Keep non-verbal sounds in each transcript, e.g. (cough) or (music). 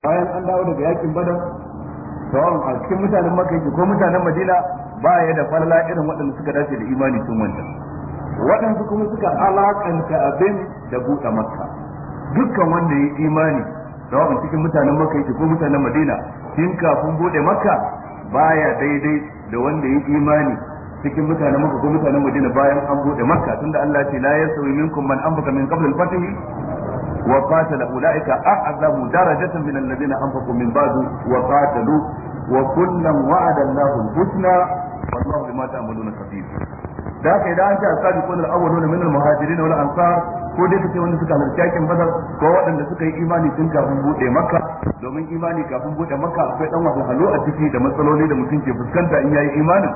bayan an dawo daga yakin badar sawon a cikin mutanen makka yake ko mutanen madina ba ya da falala irin waɗanda suka dace da imani sun wanda waɗansu kuma suka alakanta abin da buɗe makka dukkan wanda ya imani sawon cikin mutanen makka yake ko mutanen madina tun kafin buɗe makka baya daidai da wanda ya imani cikin mutanen makka ko mutanen madina bayan an buɗe makka tunda Allah ce la yasawi minkum man anfaqa min qabl al-fath وقاتل أولئك أعظم درجة من الذين أنفقوا من بعد وقاتلوا وكلا وعد الله الحسنى والله بما تعملون خبير da haka idan an ce asabi ko al-awwaluna min al-muhajirin wal ansar ko dai kace wanda suka halarci aikin badar ko waɗanda suka yi imani tun kafin buɗe maka domin imani kafin buɗe maka akwai dan wasu halo a ciki da matsaloli da mutum ke fuskanta in yayi imanin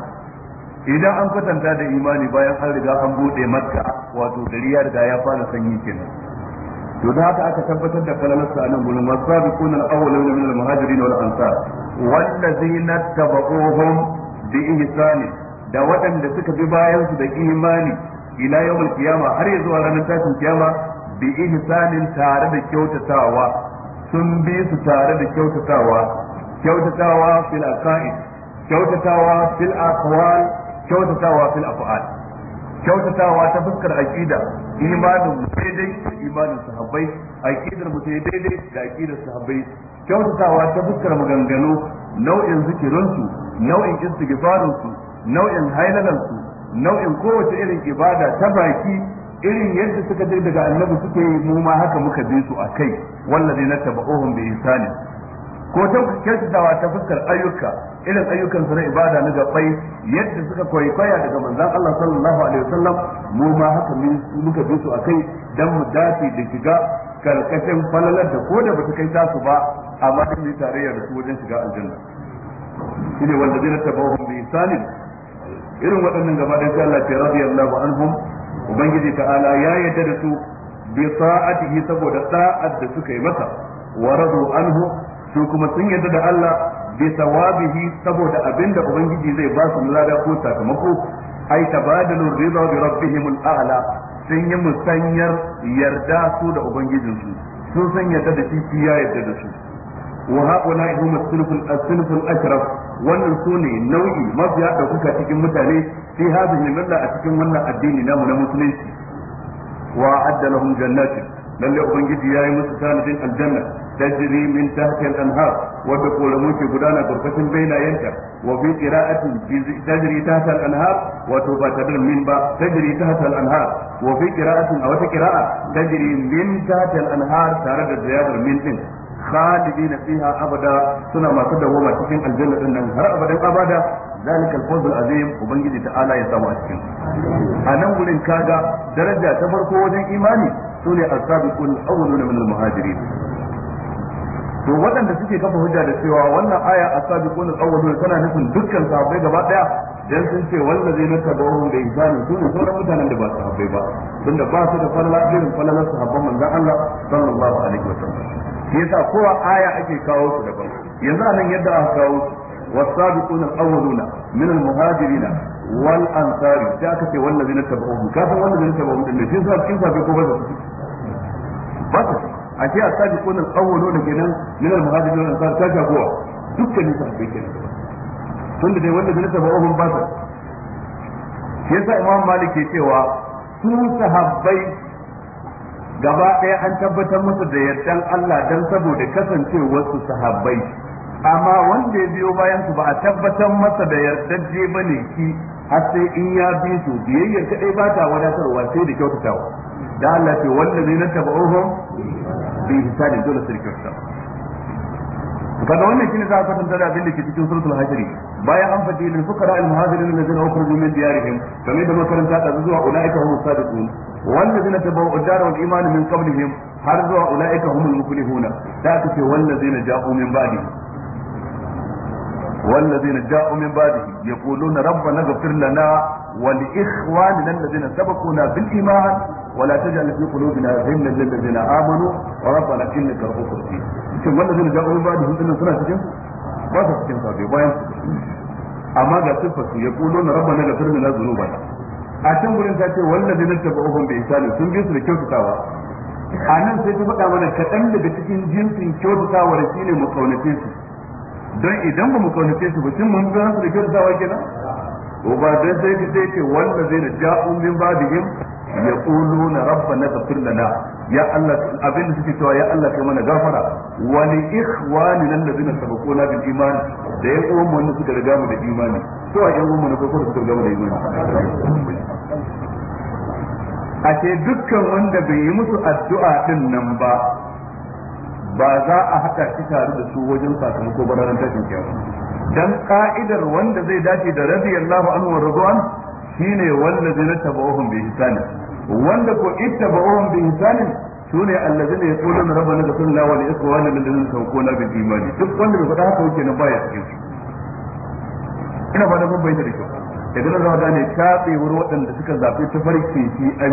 idan an kwatanta da imani bayan an riga an buɗe maka, wato gari ya riga ya fara sanyi kenan to da haka aka tabbatar da falalarsa a nan gurin wasu sabiqun al-awwaluna min al-muhajirin wal ansar wallazina tabauhum bi ihsani da waɗanda suka bi bayan su da imani ila yawmul kiyama har ya zuwa ranar tashin kiyama bi ihsanin tare da kyautatawa sun bi su tare da kyautatawa kyautatawa fil aqaid kyautatawa fil aqwal kyautatawa fil af'al kyautatawa ta fuskar aqida imanin mu daidai da imanin sahabbai aƙidar mu sai daidai da aqidar sahabbai kyautatawa ta fuskar maganganu nau'in zikirinsu nau'in istighfarinsu nau'in hailalansu nau'in kowace irin ibada ta baki irin yadda suka je daga annabi suke yi mu ma haka muka bi su a kai wallazi na taba'uhum bi ihsani ko ta kyautatawa ta fuskar ayyuka irin ayyukan su na ibada na gabai yadda suka kwaikwaya daga manzon Allah sallallahu alaihi wasallam mu ma haka muka bi su akai dan mu dace da shiga karkashin falalar da ko da bata kai tasu ba amma dai mu tarayya da su wajen shiga aljanna shine wanda zai bawo bi salim irin waɗannan gaba da Allah ta radiyallahu anhum ubangiji ta'ala ya yadda da su bi sa'atihi saboda sa'ad da suka yi masa wa radu anhu su kuma sun yarda da Allah bi sawabihi saboda abinda ubangiji zai ba su lada ko sakamako ai tabadalu ridha bi rabbihim al-a'la sun yi musanyar yarda su da ubangijinsu sun san yarda da shi ya yarda da su وهؤلاء هم السلف السلف الاشرف wannan su ne nau'i mafiya kuka cikin mutane fi hadhihi milla a cikin wannan addini namu na musulunci wa adda lahum jannati lalle ubangiji ya yi musu tanadin aljanna تجري من تحت الأنهار وتقول موشي قدانا قرفة بين ينتا وفي قراءة تجري تحت الأنهار وتبتدر من با تجري تحت الأنهار وفي قراءة أو قراءة تجري من تحت الأنهار تارد الزيادة من تنك خالدين فيها أبدا سنة ما تدوما تكين الجنة إنهم هر أبدا أبدا ذلك الفوز العظيم وبنجي تعالى يسامع أسكن أنا أقول إن كاجا درجة تفرقوا وجه إيماني سنة السابقون الأولون من المهاجرين to waɗanda suke kafa hujja da cewa wannan aya a asabiquna awwalun tana nufin dukkan sahabbai gaba daya dan sun ce wallazi na tabawun da insani su ne sauran mutanen da ba sahabbai ba tunda ba su da falala irin falalar sahabban manzon Allah sallallahu alaihi wasallam shi yasa kowa aya ake kawo su daban yanzu anan yadda aka kawo su والسابقون الأولون من المهاجرين والأنصار جاءك والذين تبعوهم كافر والذين تبعوهم إن في سابقين سابقوا بس بس a ce asabiquna tsawo nuna kenan min muhajirin wal ta jagowa dukkanin sahabbai kenan tunda dai wanda bin tabi'uhum ba sa yasa imam malik ke cewa su sahabbai gaba ɗaya an tabbatar musu da yardan Allah dan saboda kasancewar su sahabbai amma wanda ya biyo bayan su ba a tabbatar masa da ba ne ki har sai in ya bi su biyayyar kadai ba ta wadatarwa sai da kyautatawa da Allah ce wanda ne ba taba'uhum bi hisabi dole su rikirta kaga wannan shine za a kwatanta da abin da ke cikin suratul hajri bayan an faɗi lil fuqara al muhajirin allazina ukhrijoo min diyarihim kamar da makaranta da zuwa ulaika humus sadiqun والذين تبوا الدار والايمان من قبلهم har zuwa ulaika humul muflihuna da aka ce wallazina ja'u min ba'dihim والذين جاءوا من بعدهم يقولون ربنا اغفر لنا ولإخواننا الذين سبقونا بالإيمان ولا تجعل في قلوبنا غلا للذين امنوا وربنا انك رؤوف رحيم cikin wanda zai ba da ان suna cikin ba su cikin sabai bayan amma ga يقولون ربنا ya لنا na rabbana ga تاتي والذين zunuba a can gurin ta ce wannan bai sun bi su a nan sai ta faɗa mana kaɗan daga cikin jinsin kyautatawar shi ne mu kaunace su don idan ba mu kaunace su ba shin mun ga su da kyautatawa kenan to ba dai sai ta ce wanda zai da ja'un min ba'dihim yaquluna rabbana ighfir lana ya Allah abin da suke cewa ya Allah kai mana gafara wa li ikhwanina alladhina sabaquna bil iman da ya uwan mu suka riga mu da imani to a yan uwan mu da suka riga mu da imani a ce dukkan wanda bai yi musu addu'a din nan ba ba za a haɗa shi tare da su wajen sakamako ba ranar tashin kiyama dan ka'idar wanda zai dace da radiyallahu anhu wa radwan shine wallazina tabauhum bi ihsani wanda ko ittabauhum bi ihsani sune allazina yaquluna rabbana ghfir lana wa li ikhwanina alladhina sabaquna bil imani duk wanda bai faɗa haka yake nan baya cikin su ina fata kun bayyana da kyau daga nan ne ka gane taɓewar waɗanda suka zaɓi tafarki shi an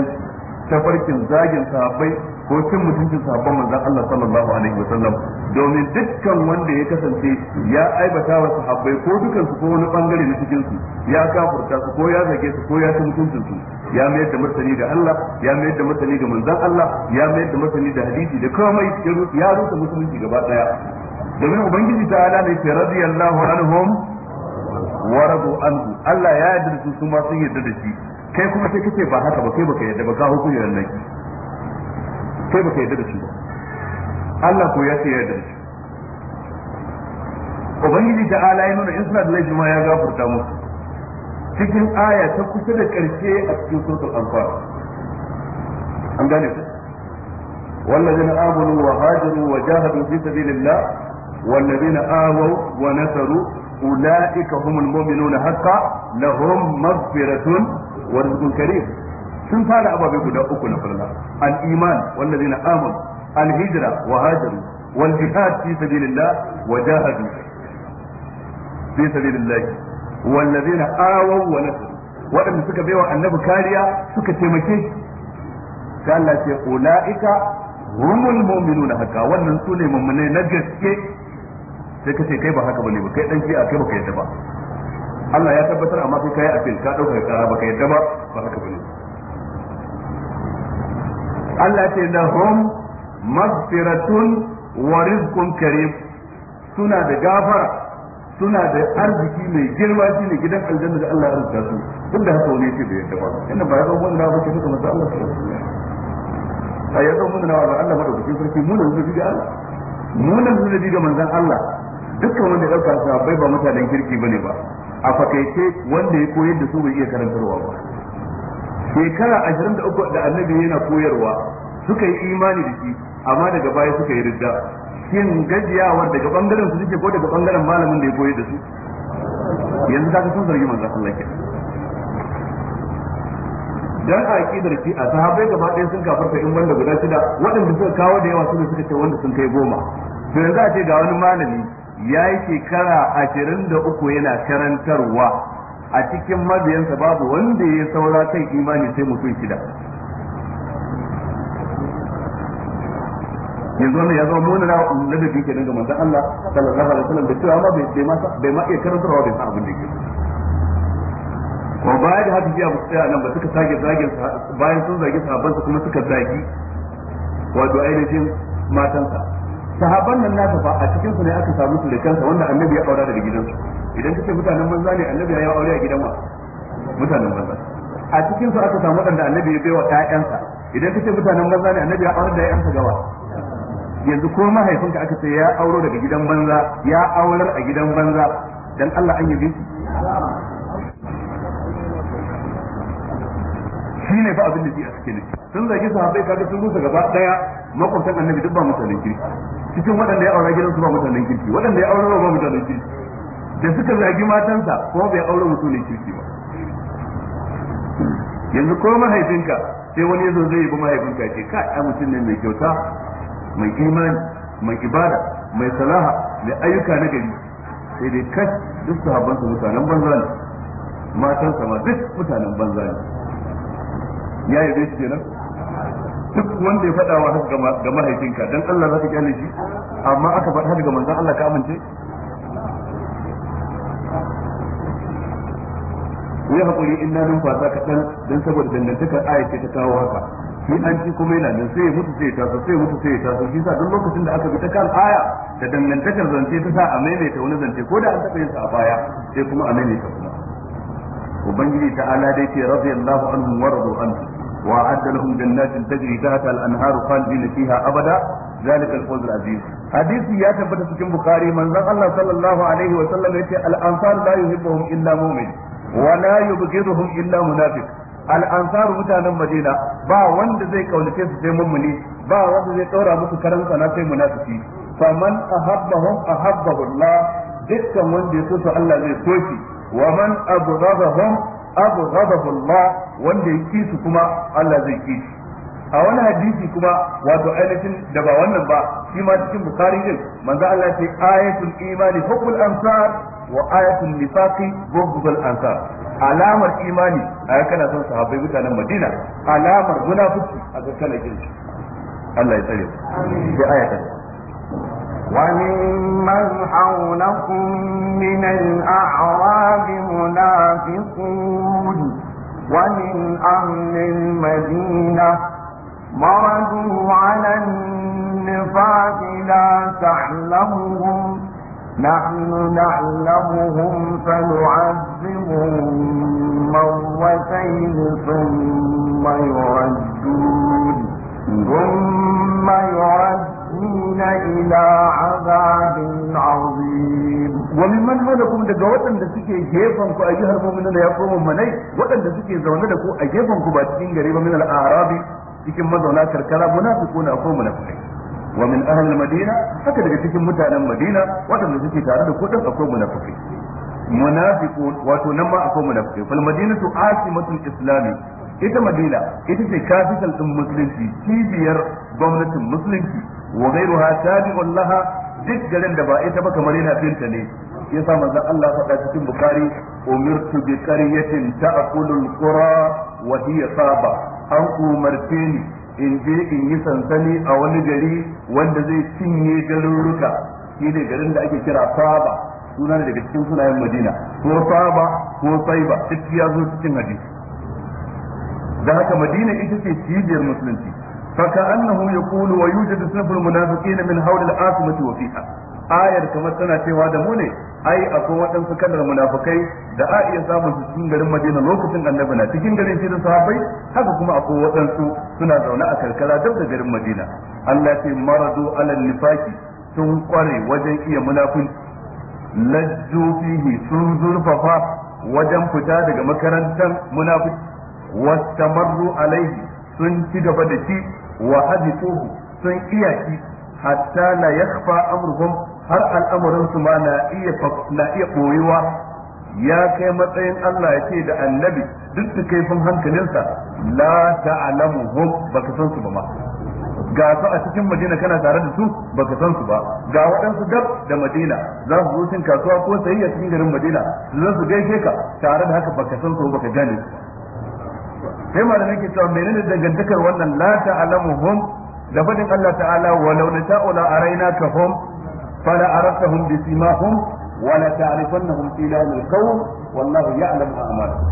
tafarkin zagin sahabbai ko cin mutuncin sahabban manzon Allah sallallahu alaihi wasallam domin dukkan wanda ya kasance ya aibata wa sahabbai ko dukan su ko wani bangare na cikin su ya kafurta su ko ya zage su ko ya cin mutuncin su ya mayar da martani ga Allah ya mayar da martani ga manzon Allah ya mayar da martani da hadisi da komai ya rusa musulunci gaba daya domin ubangiji ta ala ne sai radiyallahu anhum wa radu anhu Allah ya yarda da su kuma sun yarda da shi kai kuma sai kace ba haka ba kai baka yadda ba ka hukunci nan kai baka yadda da shi ba Allah ko ya ce ya da shi ubangiji ta ala ya nuna in suna da laifi ma ya gafarta musu cikin aya ta kusa da karshe a cikin suratul anfal an gane ku والذين آمنوا وهاجروا وجاهدوا في سبيل الله والذين آووا ونصروا أولئك هم المؤمنون حقا لهم مغفرة wa rizqun sun fara ababe guda uku na farla al iman wallazina amanu al hijra wa hajaru wal jihad fi sabilillah wa jahadu fi sabilillah wallazina awaw wa nasaru waɗanda suka baiwa annabi kariya suka taimake shi sai Allah ce ulaika humul mu'minuna haka wannan sune mu'minai na gaske sai kace kai ba haka bane ba kai dan kai ba Allah ya tabbatar amma sai kai afil ka dauka kara baka kai ba ba haka bane Allah ce hum magfiratun wa rizqun karim suna da gafara suna da arziki mai girma shi ne gidan aljanna da Allah ya rubuta su duk da haka wani yake da yadda ba inda ba ya zo wannan ba ke duka masa Allah ba ya zo mun na wa Allah madaukakin sarki mu da zubi da Allah mu da zubi da manzon Allah dukkan wanda ya dauka sa bai ba mutanen kirki bane ba a fakaice wanda ya koyar da su bai iya karantarwa ba shekara ashirin da uku da annabi yana koyarwa suka yi imani da shi amma daga baya suka yi ridda shin gajiyawar daga bangaren su suke ko daga bangaren malamin da ya koyar da su yanzu ta sun zargi manzo Allah ke dan a aqidar shi a sahabbai gaba ɗaya sun kafarta in wanda guda shida waɗanda suka kawo da yawa su ne suka ce wanda sun kai goma to yanzu a ce ga wani malami ya yi shekara ashirin da uku yana karantarwa a cikin mabiyansa babu wanda ya saura kai imani sai mutum shida yanzu wannan ya zama na ladabi kenan daga manzan Allah sallallahu alaihi wasallam da cewa ma bai ma bai ma iya karantarwa bai san abin da yake ko bayan da haka jiya ba tsaya nan ba suka sage zagin bayan sun zagi sahabban kuma suka zagi wato ainihin matansa sahaban nan na fa a cikin su ne aka samu sa wanda annabi ya aura daga gidansu idan kace mutanen banza ne annabi ya aure a gidan wa mutanen banza a cikin su aka samu wanda annabi ya baiwa ƴaƴansa idan kace mutanen banza ne annabi ya aure da ƴaƴansa gawa yanzu ko mahaifinka aka ce ya auro daga gidan banza ya aurar a gidan banza dan Allah an yabe shi shine fa abin da yake a cikin sun zaki sahabbai kaga sun rusa gaba daya makwabtan annabi duk ba mutanen kirki cikin waɗanda ya aure gidansu ba mutanen kirki waɗanda ya aure ba mutanen kirki da suka zagi matansa kuma bai aure ne kirki ba yanzu ko mahaifinka sai wani yazo zai yi mahaifinka ce ka ya mutum ne mai kyauta mai imani mai ibada mai salaha mai ayyuka na gari sai dai kai duk su mutanen banza ne matansa ma duk mutanen banza ne ya yi shi kenan duk wanda ya faɗa wa haka ga mahaifinka dan Allah za ka kyale shi amma aka faɗa haka ga manzon Allah ka amince ya haƙuri in na numfasa kaɗan don saboda dangantakar ayat ta kawo haka shi an ci kuma yana nan sai ya mutu sai ya taso sai ya mutu sai ya taso shi sa duk lokacin da aka bi ta kan aya da dangantakar zance ta sa a maimaita wani zance ko da an taɓa yin sa a baya sai kuma a maimaita kuma ubangiji ta'ala dai ce radiyallahu anhu wa radu anhu وأعد لهم جنات تجري تحتها الأنهار خالدين فيها أبدا ذلك الفوز العظيم حديث يا تبت في البخاري من ذا الله صلى الله عليه وسلم يتي الأنصار لا يحبهم إلا مؤمن ولا يبغضهم إلا منافق الأنصار متانا مدينة با وند زي كونتي سي مؤمني با وند زي تورا musu karan sana sai munafiki faman ahabbahum ahabbahu Allah dukkan wanda ya so Allah zai so shi wa man abghadahum Abu abghadahu Allah wanda ya su kuma Allah zai shi a wani hadisi kuma wato ainihin da ba wannan ba shi ma cikin bukari din manzo Allah ya ayatul imani hukul ansar wa ayatul nifaqi bughdul ansar alamar imani a kana son sahabbai mutanen Madina alamar munafiki a ga kana Allah ya tsare وممن حولكم من الأعراب منافقون ومن أهل المدينة مرضوا على النفاق لا تعلمهم نحن نعلمهم فنعذبهم مرتين ثم يردون ثم يردون الظالمين إلى عذاب عظيم وممن حولكم daga waɗanda suke gefen ku a jihar mu'minin ya koma manai waɗanda suke zaune da ku a gefen ku ba cikin gari ba min al cikin mazauna karkara munafiquna ko munafiqai wa min ahli al-madina haka daga cikin mutanen madina waɗanda suke da wato fal madinatu asimatul islami ita madina ita ce kafital din musulunci cibiyar gwamnatin musulunci wa ha tabi'un laha duk garin da ba ita ba kamar yana finta ne yasa manzon Allah faɗa cikin bukari umirtu bi qaryatin ta'kulu al-qura wa hiya saba an umarce ni in je in yi sansani a wani gari wanda zai cinye garuruka shi ne garin da ake kira saba suna daga cikin sunayen madina ko saba ko saiba duk ya zo cikin hadisi da haka madina ita ce cibiyar musulunci wa yujadu يقول munafiqin min hawl al حول wa fiha ayar kamar tana cewa da mu ne ai akwai waɗansu kalar munafukai da a iya samun su cikin garin Madina lokacin annabi na cikin garin shi da sahabbai haka kuma akwai waɗansu suna zaune a karkara dab da garin Madina Allah ya maradu ala nifaki sun kware wajen iya munafin lajju fihi sun zurfafa wajen fita daga makarantar munafiki wastamarru alaihi sun ci gaba da shi wa hadithuhu sun iya shi hatta la yakhfa amruhum har al'amarin su ma na iya na iya koyuwa ya kai matsayin Allah ya ce da annabi duk da kaifin hankalinsa la ta'lamuhum baka san su ba ma ga su a cikin madina kana tare da su baka san su ba ga waɗansu gab da madina za su zo cin kasuwa ko sayayya cikin garin madina su zo su gaishe ka tare da haka baka san su ka gane sai da ke cewa menene dangantakar wannan la ta'lamuhum da fadin Allah ta'ala walau nata'u la arainakahum fala arafahum bi simahum wa la ta'rifannahum fi lawmil qawm wallahu ya'lamu a'malakum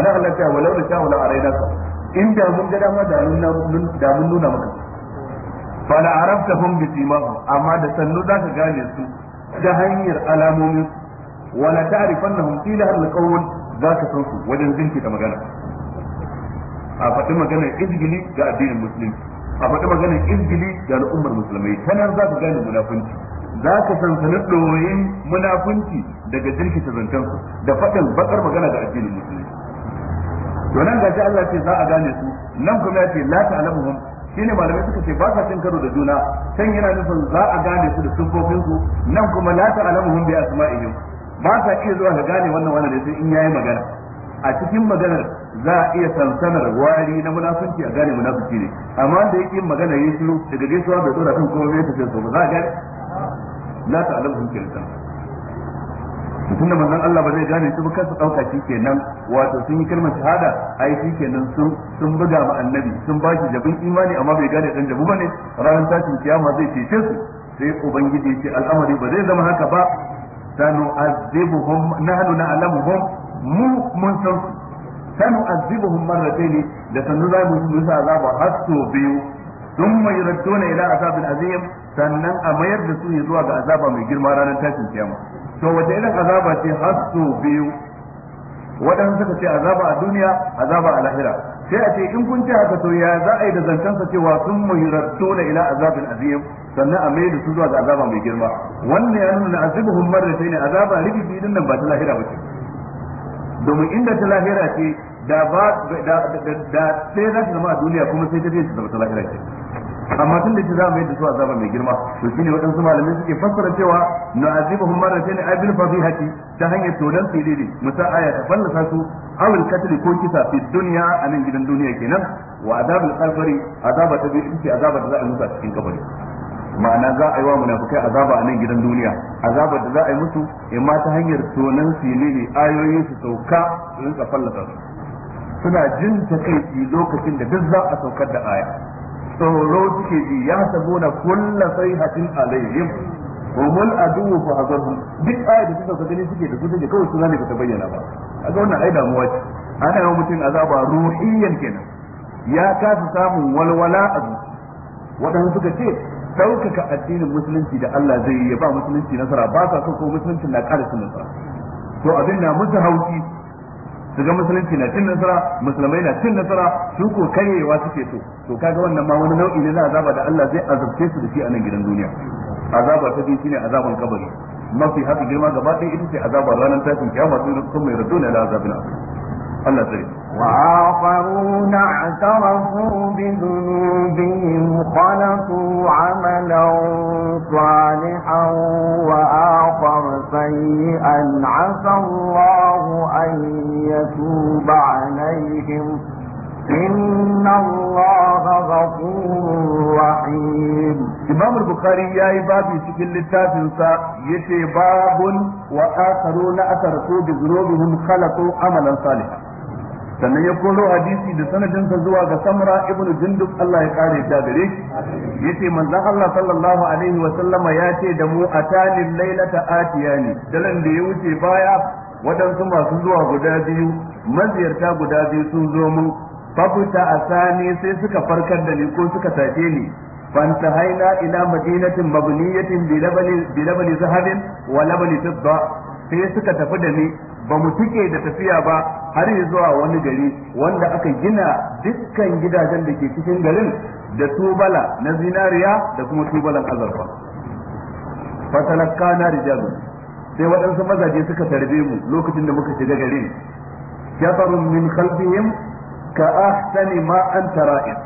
ana Allah ta walau nata'u la arainakahum inda mun ga dama da mun da mun nuna maka fala arafahum bi simahum amma da sannu za zaka gane su ta hanyar alamomin wala ta'rifannahum fi lawmil qawm zaka san su wajen zinki da magana a faɗi maganar izgili ga addinin musulunci a faɗi maganar izgili ga al'ummar musulmai ta nan za ka gane munafunci za ka sansani ɗoyin munafunci daga jirkita zancensu da faɗin bakar magana ga addinin musulunci to nan gashi Allah ce za a gane su nan kuma ya ce la ta'lamuhum shine malamai suka ce ba sa cin karo da juna can yana nufin za a gane su da sufofin su nan kuma la ta'lamuhum bi asma'ihim ba sa iya zuwa ka gane wannan wannan ne sai in yayi magana a cikin maganar za a iya sansanar wari na munafunci a gane munafunci ne amma da yake magana ya shiru daga gaisuwa bai tsora kan kuma bai tafiya ba za a gane na ta alamu hukin san da manzon Allah ba zai gane su ba kansu dauka shikenan wato sun yi kalmar shahada ai shikenan sun sun buga ma annabi sun ba shi jabin imani amma bai gane dan jabu bane ranar tashin kiyama zai cece su sai ubangiji ya ce al'amari ba zai zama haka ba azibuhum nahnu na'lamuhum mu mun san su sanu azibuhum marratayn da sanu za mu yi musu azaba har so biyu thumma yuradduna ila azabin azim sannan a mayar da su zuwa ga azaba mai girma ranar tashin kiyama to wata irin azaba ce har so biyu waɗansu suka ce azaba a duniya azaba a lahira sai a ce in kun ce haka to ya za a yi da zancensa cewa sun muhirattu na ila azabin azim sannan a mayar da su zuwa ga azaba mai girma wannan ya nuna azibuhum marratayn azaba ribi din nan ba ta lahira ba ce domin inda ta lahira ce da ba da da sai za ta zama a duniya kuma sai ta je ta zama ta lahira ce amma tun da ce za mu yi da su azaba mai girma to shine waɗansu malamai suke fassara cewa nu'azibuhum marratayn abil fadihati ta hanyar tolan su musa aya ta fallasa su awil katli ko kisa fi dunya a nan gidan duniya kenan wa azabul qabri azaba ta bi ce azaba da za a musa cikin kabari ma'ana za a yi wa munafikai azaba a nan gidan duniya azabar da za a yi musu imma ta hanyar tonan ne ayoyin su sauka su rinka fallasa su suna jin ta kai lokacin da duk za a saukar da aya tsoro suke ji ya na kulla sayhatin alaihim humul aduwwu fa hazarhum duk aya da suka gani suke da kudin da kawai su zane ta bayyana ba ga wannan ai damuwa ce ana yawan mutum azaba ruhiyyan kenan ya kasa samun walwala a zuci waɗanda suka ce Daukaka addinin musulunci da Allah zai yi ya ba musulunci nasara ba sa so ko musulunci na ƙara cin nasara to abin na musu hauki su ga musulunci na cin nasara musulmai na cin nasara su ko karyewa suke so to kaga wannan ma wani nau'i ne na azaba da Allah zai azabce su da shi a nan gidan duniya azaba ta biyu shine azaban kabari mafi haka girma gaba ɗaya ita ce azabar ranar tashin kiyama sun mai raduna da azabin Allah tsare وآخرون اعترفوا بذنوبهم خلقوا عملا صالحا وآخر سيئا عسى الله أن يتوب عليهم إن الله غفور رحيم إمام البخاري يا بابي شكل للتافنسا يشي باب وآخرون اعترفوا بذنوبهم خلقوا عملا صالحا sannan ya koro hadisi da sanadinsa zuwa ga samra ibn jundub Allah ya kare ta gare shi yace manzon Allah sallallahu alaihi wa sallama ya ce da mu atani lailata atiyani dalan da ya wuce baya wadansu masu zuwa guda biyu maziyarta guda biyu sun zo mu babuta asani sai suka farkar da ni ko suka tafe ni mabniyatin bi labani bi labani zahabin wa labani fidda sai suka tafi da ni ba mu tike da tafiya ba har zuwa wani gari wanda aka gina dukkan gidajen da ke cikin garin da tubala na zinariya da kuma tubalan azurfa fatalakka na rijalu sai waɗansu mazaje suka tarbe mu lokacin da muka shiga garin jafarun min khalbihim ka ahsani ma an tara'in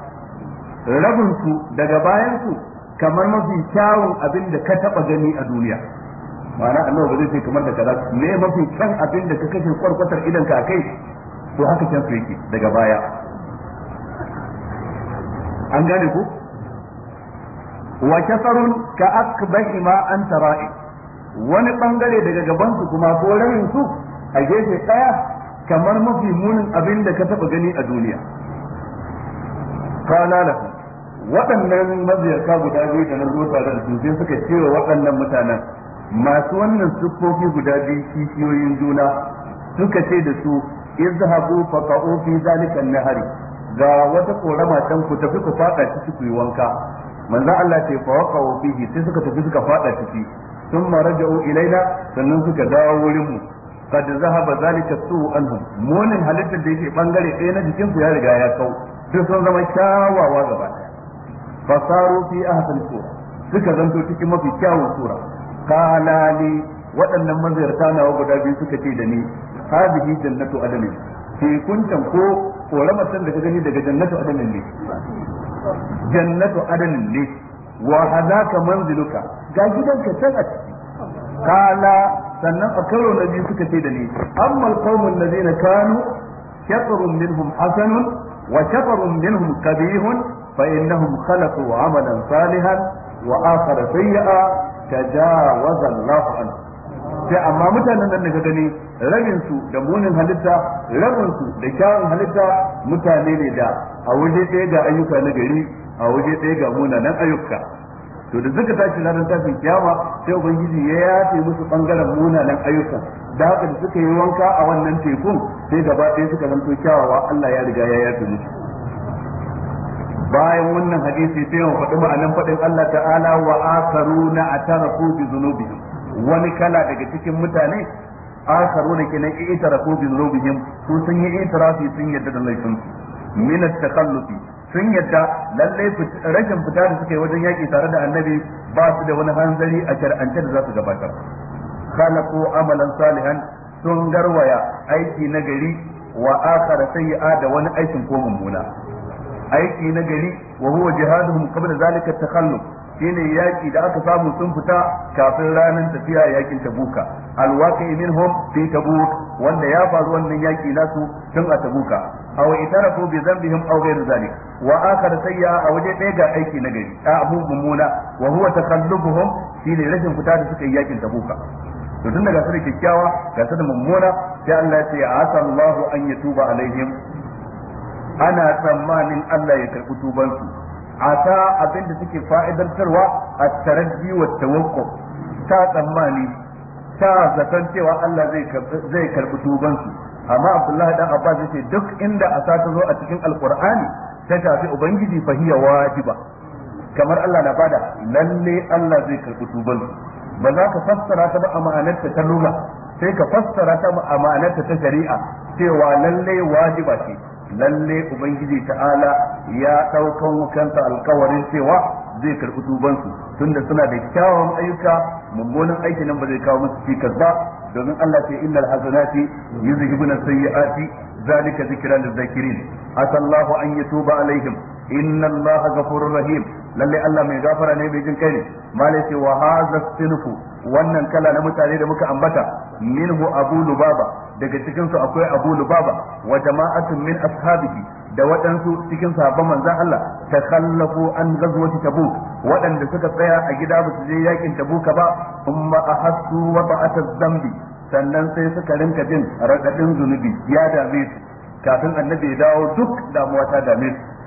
rabin su daga bayansu kamar mafi kyawun abin da ka taɓa gani a duniya ma'ana annabi ba zai ce kamar da kaza me mafi kan abin da ka kashe kwarkwatar idan ka kai to haka kyan su yake daga baya an gane ku wa kasarun ka akbahi ma an tara'i wani bangare daga gaban su kuma ko rayin su a gefe daya kamar mafi munin abin da ka taba gani a duniya qala lahu waɗannan maziyarka guda biyu da na zo tare da su sai suka cewa waɗannan mutanen masu wannan siffofi guda biyu kishiyoyin juna suka ce da su izhabu faqa'u fi zalika an-nahari ga wata korama can ku tafi ku fada ciki ku yi wanka manzo Allah ce fa waqa'u fihi sai suka tafi suka fada ciki sun raja'u ilaina sannan suka dawo wurin mu kad zahaba zalika su anhum munin halittar da yake bangare ɗaya na jikin ku ya riga ya kau duk sun zama kyawawa gaba fasaru fi ahsan sura suka zanto cikin mafi kyawun sura qala li waɗannan maziyarta nawa guda biyu suka ce da ni hadhihi jannatu adalin ke kuntan ko koramar san da gani daga jannatu adalin ne jannatu adalin ne wa hadaka manziluka ga gidanka can a ciki Kala sannan a karo na biyu suka ce da ni amma alqawmul ladina kanu shatrun minhum hasanun wa shatrun minhum qabihun fa innahum khalaqu amalan salihan wa akhara sayyi'a tajawaza Allahu an sai amma mutanen nan ka gani rabin su da munin halitta rabin su da kyawun halitta mutane ne da a waje ɗaya ga ayyuka na gari a waje ɗaya ga munanan ayyuka to da suka tashi ran tafin kiyama sai ubangiji ya yafe musu bangaren munanan ayyuka. da haka da suka yi wanka a wannan tekun sai gaba ɗaya suka zanto kyawawa Allah ya riga ya yafe musu bayan wannan hadisi sai ya faɗi ma'anan faɗin Allah ta'ala wa akaruna atarafu bi dhunubihim wani kala daga cikin mutane akaruna kenan i'tarafu bi zunubihim su sun yi itarafi sun yadda da laifin su min at-takhallufi sun yadda lalle rashin fita da suke wajen yaki tare da annabi ba su da wani hanzari a shar'ance da za su gabatar khalaqu amalan salihan sun garwaya aiki na gari wa akhara sayi'a da wani aikin ko mummuna aiki na gari wa huwa jihaduhum qabla zalika takhallum shine yaki da aka samu sun fita kafin ranar tafiya yakin tabuka alwaqi minhum fi tabuk wanda ya faru wannan yaki nasu tun a tabuka aw itarafu bi dhanbihim aw ghayr zalik wa akhar sayya a waje ɗaya ga aiki na gari a abu mumuna wa huwa takhallubuhum shine rashin fita da suka yi yakin tabuka to tun daga su da kyakkyawa ga su da mummuna sai Allah ya ce asallahu an yatuba alaihim ana tsammanin Allah ya karɓi tubansu a abin da suke fa'idantarwa a taraddi wa tawakkuf ta tsammani ta zaton cewa Allah zai karbi karɓi tubansu amma Abdullahi dan Abbas ce duk inda a ta zo a cikin alkur'ani ta tafi ubangiji fahiya wajiba kamar Allah na bada lalle Allah zai karɓi tubansu ba za ka fassara ta ba a ma'anarta ta lura? sai ka fassara ta amanarta ta shari'a cewa lalle wajiba ce lalle ubangiji ta'ala ya ɗaukan kanta alkawarin cewa zai karbi tubansu tunda suna da kyawawan ayyuka mummunan aiki nan ba zai kawo musu cikas ba domin Allah ce innal hasanati yuzhibuna sayyi'ati zalika zikran lizakirin asallahu an yatuba alaihim inna allaha ghafurur rahim Lallai Allah mai gafara ne mai jin kai ne malai ce wa wannan kala na mutane da muka ambata minhu abu lubaba daga cikinsu akwai abu lubaba wa jama'atun min ashabihi da waɗansu cikin sahabban manzon Allah takhallafu an ghazwati tabuk waɗanda suka tsaya a gida ba su je yakin tabuka ba umma ahassu wa ba'ata zambi sannan sai suka rinka jin radadin zunubi ya dame su kafin annabi ya dawo duk damuwa ta dame su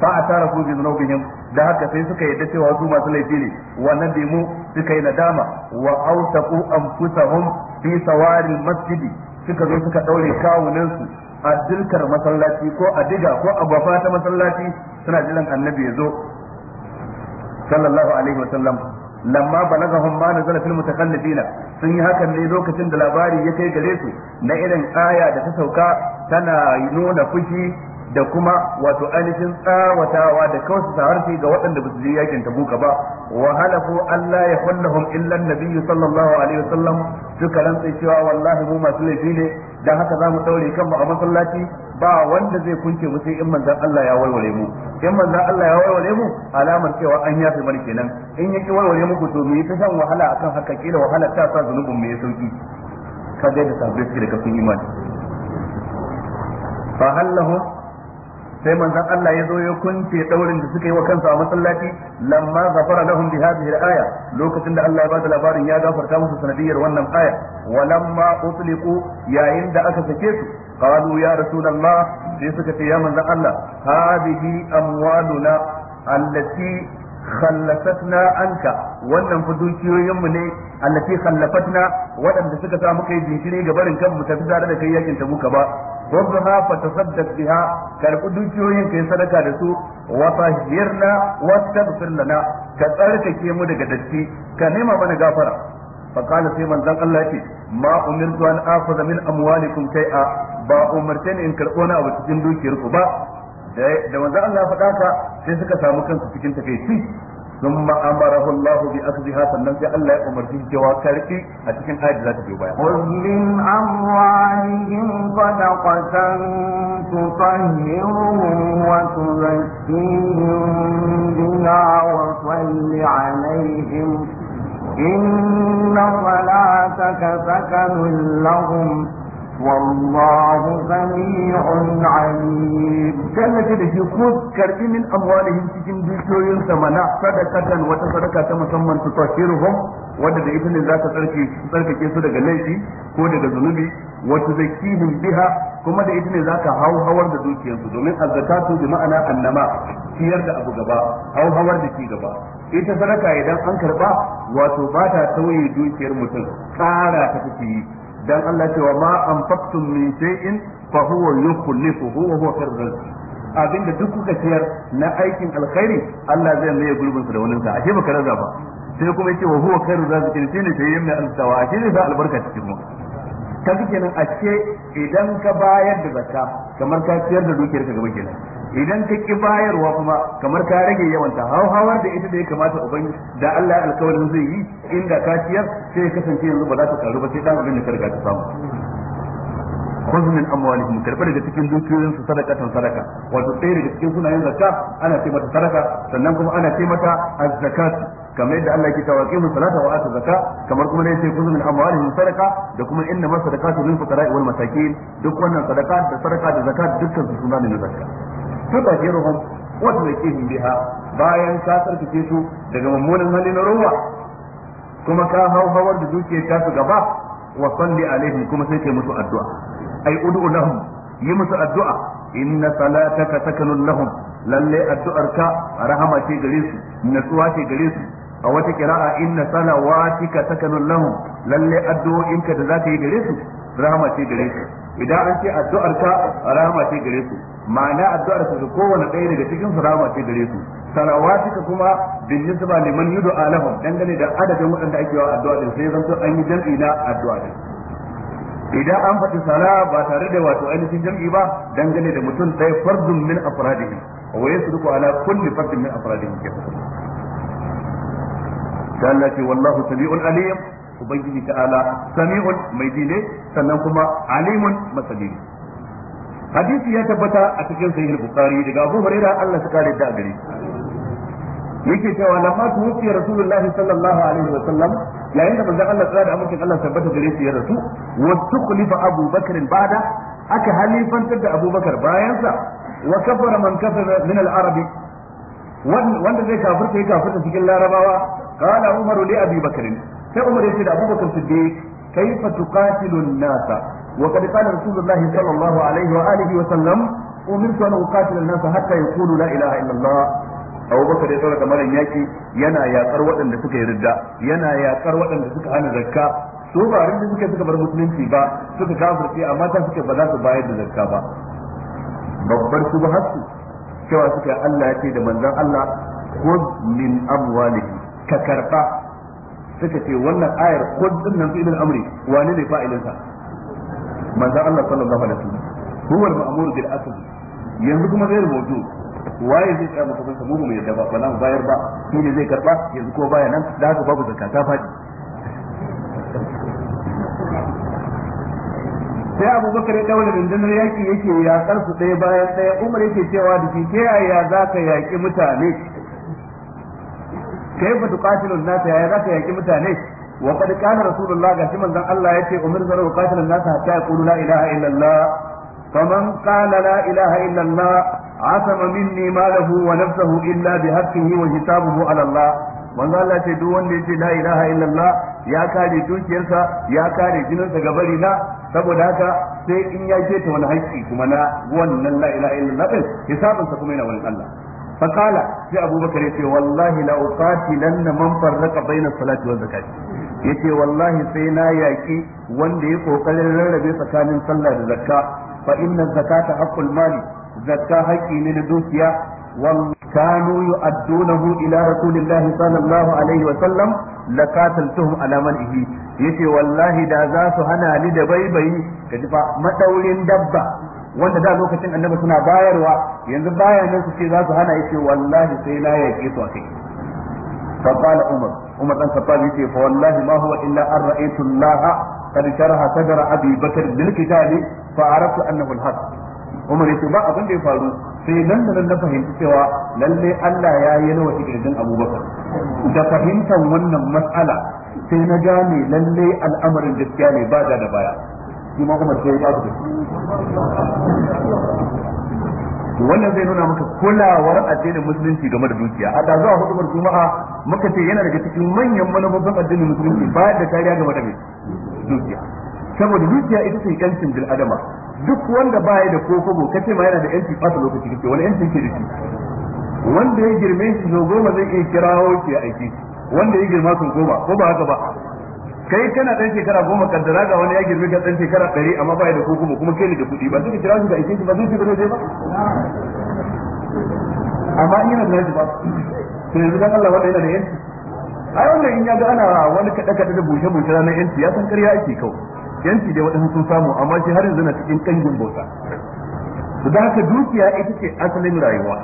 fa su bin dhunubihim da haka sai suka yadda cewa su masu laifi ne wa demu suka yi nadama wa awsaqu anfusahum fi sawari masjidi suka zo suka daure kawunan su a dilkar masallaci ko a diga ko a bafa ta masallaci suna jiran annabi ya zo sallallahu alaihi wa sallam lamma balagahum ma nazala fil mutakallifina sun yi hakan ne lokacin da labari ya kai gare su na irin aya da ta sauka tana nuna fushi da kuma wato ainihin tsawatawa da kawai sa harshe ga waɗanda ba su je yakin tabuka ba wa halafu Allah ya kullahum illa nabiyyu sallallahu alaihi wasallam suka rantsa cewa wallahi mu masu laifi ne dan haka zamu daure kanmu a masallaci ba wanda zai kunce mu sai in manzon Allah ya warware mu in manzon Allah ya warware mu alamar cewa an yafe mana kenan in yake warware muku to mu yi ta shan wahala akan haka kila wahala ta sa zunubin mu ya sauki ka da sabbi da kafin imani fa hallahum sai manzon Allah ya zo ya kunce daurin da suka yi wa kansu a masallaci lamma ghafara lahum bi hadhihi al-aya lokacin da Allah ya bada labarin ya gafarta musu sanadiyar wannan aya wa lamma utliqu yayin da aka sake su qalu ya rasulullah sai suka ce ya manzon Allah hadhihi amwaluna allati khallasatna anka wannan fa mu ne allati khallafatna wadanda suka sa muka yi jinkiri ga barin kanmu tafi tare da kai yakin ta muka ba خذها فتصدق بها كرب دوكيوين كي صدقة دسو وطهيرنا واستغفر لنا كتارك كي مدك دسي كنما من غافرة فقال سيما ذاق الله يتي ما أمرت أن أخذ من أموالكم شيئا با أمرتين إن كرقونا أو تجن دوكي ركبا da manzo Allah faɗa ka sai suka samu kansu cikin ثم امره الله باخذها sannan sai Allah ya umarci cewa karfi a cikin ayat za ta biyo baya qul min amwalihim sadaqatan tutahhiruhum wa tuzakkihim biha wa salli alaihim إن صلاتك سكن لهم والله سميع عليم كان كده في خذ كربي من أموالهم تجم دوشوين ثمنا صدقة وتصدقة تمسمى تطهيرهم wadda da ita ne za ta tsarkake su daga laifi ko daga zunubi wata zakihim biha kuma da ita ne za ka hauhawar da dukiyarsu domin azzakatu bi ma'ana annama ciyar da abu gaba hauhawar da ci gaba ita sadaka idan an karɓa wato bata ta tauye dukiyar mutum tsara ta take yi dan Allah cewa ma anfaqtum min shay'in fa huwa yukhlifuhu wa huwa khairur abinda duk kuka ciyar na aikin alkhairi Allah zai maye gurbinsa da wani sa ashe baka raza ba sai kuma yace wa huwa khairur raziqin shine sai yamma alsawa shine sa albarka cikin mu kaga kenan a ce idan ka bayar da zakka kamar ka ciyar da dukiyar ka gaba kenan idan ka ki bayarwa kuma kamar ka rage yawan yawanta hauhawar da ita da ya kamata ubangi da Allah alkawarin zai yi inda ka ciyar sai kasance yanzu ba za ta karu ba sai dan abin da ka riga ka samu kuzu min amwalihim karbar daga cikin dukiyoyin su sadaqatan sadaka wato sai daga cikin sunayen zakka ana ce mata sadaka sannan kuma ana ce mata az-zakatu kamar yadda Allah yake cewa qimu salata wa atu zakat kamar kuma ne sai kullu min amwalihim sadaqa da kuma inna masadaqatu lil fuqara'i wal masakin duk wannan sadaqa da sadaqa da zakat dukkan su suna ne na zakka to ba ke ruhum wa biha bayan ka tsarkake su daga mummunan hali na ruwa kuma ka hauhawar da dukiyar ta su gaba wa salli alaihim kuma sai kai musu addu'a ai ud'u lahum yi musu addu'a inna salataka sakanun lahum lalle addu'arka rahama ce gare su natsuwa ce gare su a wata kira'a inna salawatika sakanun lahum lalle addu'o'inka da zaka yi gare su rahama ce gare su idan an ce addu'ar ka rahama ce gare su ma'ana addu'ar su kowane ɗaya daga cikin su rahama ce gare su salawatika kuma bin nisba liman yud'a lahum dangane da adadin waɗanda ake wa addu'a din sai zanto an yi jam'i na addu'a din idan an faɗi sala ba tare da wato ainihin jam'i ba dangane da mutum ɗaya fardun min afradihi wa yasduqu ala kulli fardin min afradihi kenan da Allah ce wallahu sami'un alim ubangiji sami'un mai sannan kuma alimun masani hadisi ya tabbata a cikin sahih bukhari daga Abu Hurairah Allah kare da gare yake cewa lamma tuwfi rasulullahi sallallahu alaihi wa sallam yayin da manzon Allah tsara da amincin Allah tabbata gare shi ya rasu wa tukhlifa Abu Bakr ba'da aka halifantar da Abu bayansa wa kafara man kafara min al-arabi wanda zai kafirta ya kafirta cikin larabawa qala umar li abi bakr sai umar yace da abubakar siddiq kaifa tuqatilu an-nas wa qad qala rasulullah sallallahu alaihi wa alihi wa sallam umirtu an uqatila an-nas hatta yaqulu la ilaha illa allah abubakar ya tsara kamar yaki yana yakar waɗanda suka yi ridda yana yakar waɗanda suka hana zakka su ba rinda suke suka bar musulunci ba suka kafirce amma ta suke ba za su bayar da zakka ba babbar su ba hasu cewa suka Allah ya ce da manzon Allah khudh min amwalihim ka karba suka ce wannan ayar ko din nan fi'il amri wane ne fa'ilin sa manzo Allah sallallahu alaihi wasallam huwa al-ma'mur bil asl yanzu kuma zai rubutu waye zai tsaya maka kansa mu mu yadda ba ba bayar ba shi ne zai karba yanzu ko baya nan da haka babu zakka ta fadi sai abubakar ya daula rundunar yaki yake yakar su ɗaya bayan ɗaya umar yake cewa da shi ta yaya za ka yaƙi mutane kayfa tuqatilun nasa ya zaka yaki mutane wa qad kana rasulullah ga shi manzon Allah yace umar zan uqatilun nas hatta yaqulu la ilaha illa allah faman qala la ilaha illa allah asama minni malahu wa nafsuhu illa bihaqqihi wa hisabuhu ala allah manzo Allah ce duk wanda yace la ilaha illallah ya kare dukiyarsa ya kare jininsa ga bari na saboda haka sai in ya ta wani haƙƙi kuma na wannan la ilaha illa din hisabinsa kuma yana wani Allah فقال في أبو بكر يتي والله لأقاتلن من فرق بين الصلاة والزكاة yace wallahi sai na yaƙi wanda ya kokarin rarrabe tsakanin sallah da zakka fa inna zakata haqqul mali zakka haƙi ne da dukiya wal kanu yu'addunahu ila rasulillahi sallallahu alaihi wa sallam laqataltuhum ala man'ihi yace wallahi da za su hana ni da baibayi kaji fa madaurin dabba wanda da lokacin annabi suna bayarwa yanzu bayan nan su ce za su hana yace wallahi sai na yake su akai fa qala umar umar dan khattab yace fa wallahi ma huwa illa an ra'aytu allah qad sharaha sadra abi bakr bil kitabi fa araftu annahu al-haq umar yace ba abin da ya faru sai nan da nan na fahimci cewa lalle Allah ya yi nawa kirjin abubakar da fahimtar wannan matsala sai na gane lalle al'amarin gaskiya ne ba da baya shi ma ya wannan zai nuna maka kulawar addinin musulunci game da dukiya a da zuwa hukumar juma'a muka ce yana daga cikin manyan manufofin addinin musulunci ba da kariya game da mai dukiya saboda dukiya ita ce yancin bil adama duk wanda ya da kokobo kace ma yana da yanci fasa lokaci kace wani yanci ke da shi wanda ya girme shi zo goma zai iya kirawo ke aiki wanda ya girma sun goma ko ba haka ba kai kana dan shekara goma kaddara ga wani ya girbe ka dan shekara ɗari amma ba da kuma kuma kai ne da kuɗi ba suka kira shi da aikin shi ba zai shiga zai ba amma in yana da nashi ba to yanzu dan Allah wanda yana da yanci ai wannan in ya ga ana wani kaɗe kaɗe da bushe bushe na yanci ya san ƙarya ake kau yanci dai waɗansu sun samu amma shi har yanzu na cikin kangin bota to da haka dukiya ita ce asalin rayuwa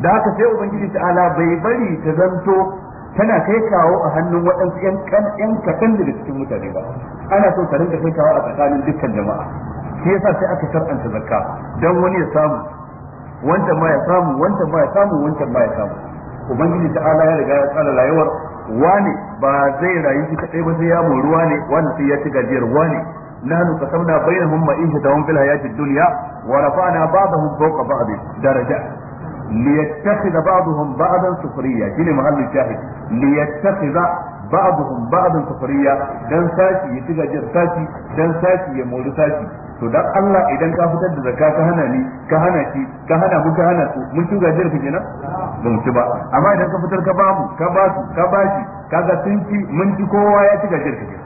da haka sai ubangiji ta'ala bai bari ta zanto tana kai kawo a hannun waɗansu yan kan yan kaɗan daga cikin mutane ba ana so ka rinka kai kawo a tsakanin dukkan jama'a shi yasa sai aka shar'anta zakka Don wani ya samu wanda ma ya samu wanda ma ya samu wanda ma ya samu ubangiji ala ya riga ya tsara rayuwar Wani ba zai rayu shi kadai ba sai ya mu ruwa ne wanda sai ya ci gajiyar wane nahnu qasamna bainahum ma'ishatahum fil hayatid dunya wa rafa'na ba'dahum fawqa ba'd daraja ليتخذ بعضهم بعضا sufriya shine mahallin الشاهد ليتخذ بعضهم بعضا sufriya دان sashi ya tiga jin sashi dan sashi ya to dan Allah idan ka fitar da zakka ka hana ni ka hana shi ka hana mu ka hana su mun tuga jirki kake Mun ba mu ci ba amma idan ka fitar ka babu ka ba su ka ba shi kaga sun ci mun ci kowa ya tuga jirki kake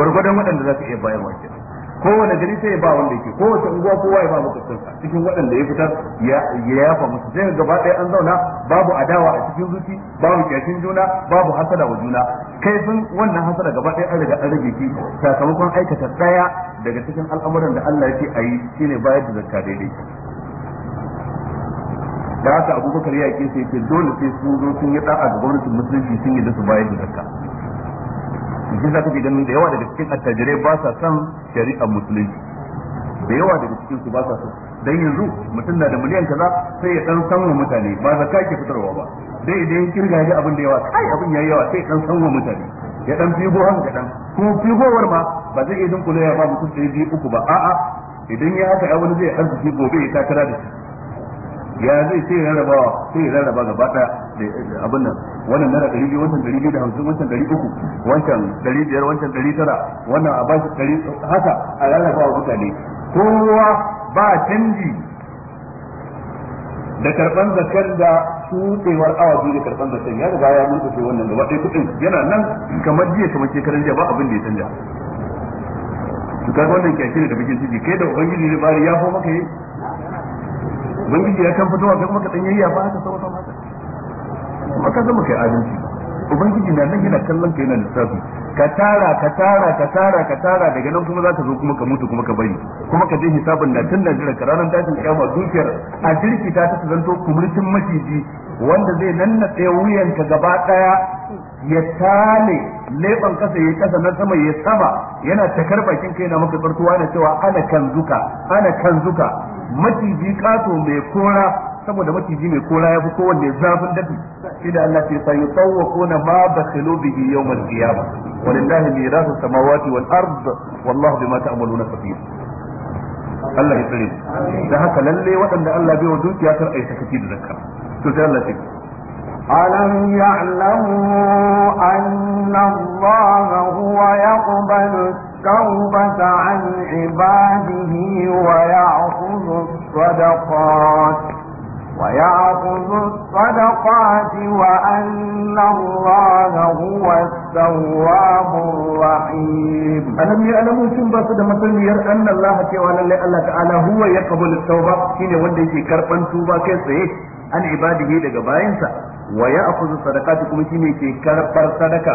gurgurdan waɗanda za su iya bayarwa kenan kowane gari sai ba wanda yake kowace unguwa kowa ya ba makwabcinsa cikin waɗanda ya fitar ya yafa musu sai gaba ɗaya an zauna babu adawa a cikin zuci babu kyashin juna babu hasada wa juna kai sun wannan hasada gaba ɗaya an riga an rage ki sakamakon aikata ɗaya daga cikin al'amuran da Allah ya ce a yi shine bayar da zakka daidai da haka abubakar ya ke sai dole sai sun zo sun yi da'a ga gwamnatin musulunci sun yi da su bayar da zakka shi za kake ganin da yawa daga cikin attajirai ba sa son shari'ar musulunci da yawa daga cikin su ba sa son dan yanzu mutum na da miliyan kaza sai ya dan wa mutane ba za ka ke fitarwa ba dai idan kirga ya abin da yawa kai abin yayi yawa sai dan wa mutane ya dan figo haka ko kuma figowar ma ba zai iya dunkule ya ba mutum sai biyu uku ba a'a idan ya haka ya wani zai arziki gobe ya takara da shi ya zai sai rarrabawa sai ya rarraba gaba daya abin nan wannan naira ɗari biyu wancan ɗari biyu da hamsin wancan ɗari uku wancan ɗari biyar wancan ɗari tara wannan a ba shi ɗari haka a lalafa wa mutane kowa ba canji da karɓan zakar da shuɗewar awa biyu da karɓan zakar ya riga ya sai wannan gaba ɗaya kuɗin yana nan kamar jiya kamar shekaran jiya ba abin da ya canja su kaga wannan kyashi da bikin ciki kai da ubangiji ne bari ya fa maka yi ubangiji ya kan fitowa kai kuma ka ɗan ba haka sama sama haka amma ka zama kai adalci ubangiji na nan yana kallon ka yana lissafi ka tara ka tara ka tara ka tara daga nan kuma za ka zo kuma ka mutu kuma ka bari kuma ka je hisabin na tun Najeriya ka ranar tashin kiyama dukiyar a jirki ta ta zanto kumurcin maciji wanda zai nannatse ka gaba daya ya tale leban kasa ya kasa na sama ya sama yana takar bakin kai na maka tsartuwa na cewa ana kanzuka ana kan zuka maciji kato mai kora saboda maciji mai kora ya fi kowanne zafin dafi shi da Allah ce sai yutawwaquna ma bakhilu bihi yawm al-qiyamah walillahi mirasu samawati wal ard wallahu bima ta'maluna khabir Allah ya tsare da haka lalle waɗanda Allah bai wa dukiya kar ai sakaci da zakka to sai Allah ya ألم يعلموا أن الله هو يقبل التوبة عن عباده ويعفظ الصدقات ويأخذ الصدقات وأن الله هو التواب الرحيم ألم يعلموا شن بس ده مثل أن الله تعالى الله تعالى هو يقبل التوبة شين وندي في كربان توبة كيسه عن عباده daga bayansa wa ya akuzu sadakati kuma shine ke karbar sadaka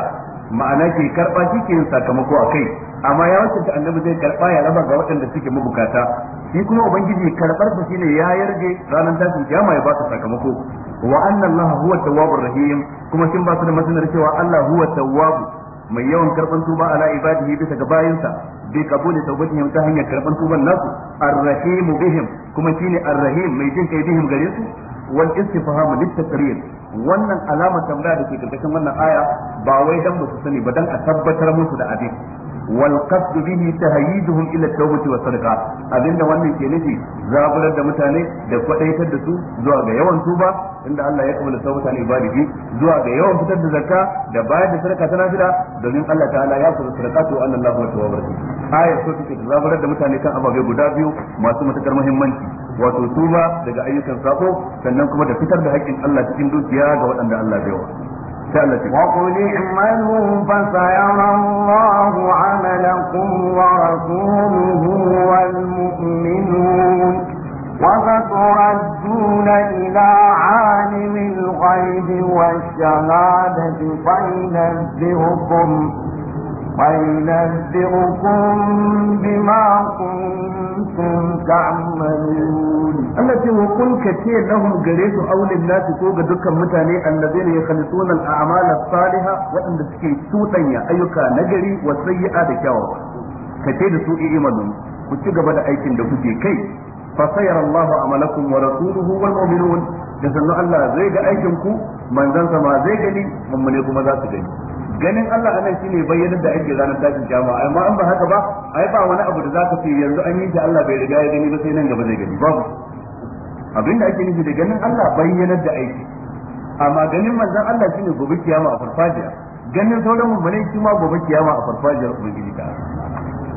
ma'ana ke karba shi ke sakamako a kai amma ya wacce annabi zai karba ya raba ga waɗanda suke mabukata shi kuma ubangiji karbar sa shine ya yarge ranar tashin kiyama ya su sakamako wa anna allaha huwa tawwabur rahim kuma shin ba su da masanar cewa allah huwa tawwabu mai yawan karban tuba ala ibadihi bisa ga bayinsa bi kabuli tawbatihim ta hanyar karban tuban nasu arrahim bihim kuma shine arrahim mai jin kai bihim gare su wal istifham lit wannan alama tambaya da ke karkashin wannan aya ba wai dan musu sani ba dan a tabbatar musu da abin wal qasd bihi tahyiduhum ila tawbati wa sadaqa abinda wannan ke nufi zaburar da mutane da kwadaitar da su zuwa ga yawan tuba inda Allah ya kammala tawbata ne ibadihi zuwa ga yawan fitar da zakka da bayar da sadaka ta nafila domin Allah ta'ala ya kula sadaqatu allahu wa tawbatu aya so take zaburar da mutane kan ababe guda biyu masu matukar muhimmanci wato tuba daga ayyukan sako sannan kuma da fitar da haƙƙin Allah cikin dukiya ga waɗanda Allah bai wa وقل اعملوا فسيرى الله عملكم ورسوله والمؤمنون وستردون إلى عالم الغيب والشهادة فينبئكم وينذركم بما كنتم تعملون التي وقل كثير لهم جريت أول الناس فوق دكا متاني الذين يخلصون الأعمال الصالحة وأن تسكي سوطنيا أيكا نجري وسيئة كاوة كثير سوء إيمانهم وتجب بدأ أيكم دكتي كي فسير الله عملكم ورسوله والمؤمنون da sannu Allah zai ga aikinku manzansa ma zai gani mummune kuma za su gani ganin Allah anan shine bayyana da ake ranar tashin kiyama amma an ba haka ba ai ba wani abu da zaka ce yanzu an yi shi Allah bai riga ya gani ba sai nan gaba zai gani babu abinda ake nufi da ganin Allah bayyanar da aiki amma ganin manzon Allah shine gobe kiyama a farfajiya ganin sauran mummunai shi ma gobe kiyama a farfajiyar ubangiji ta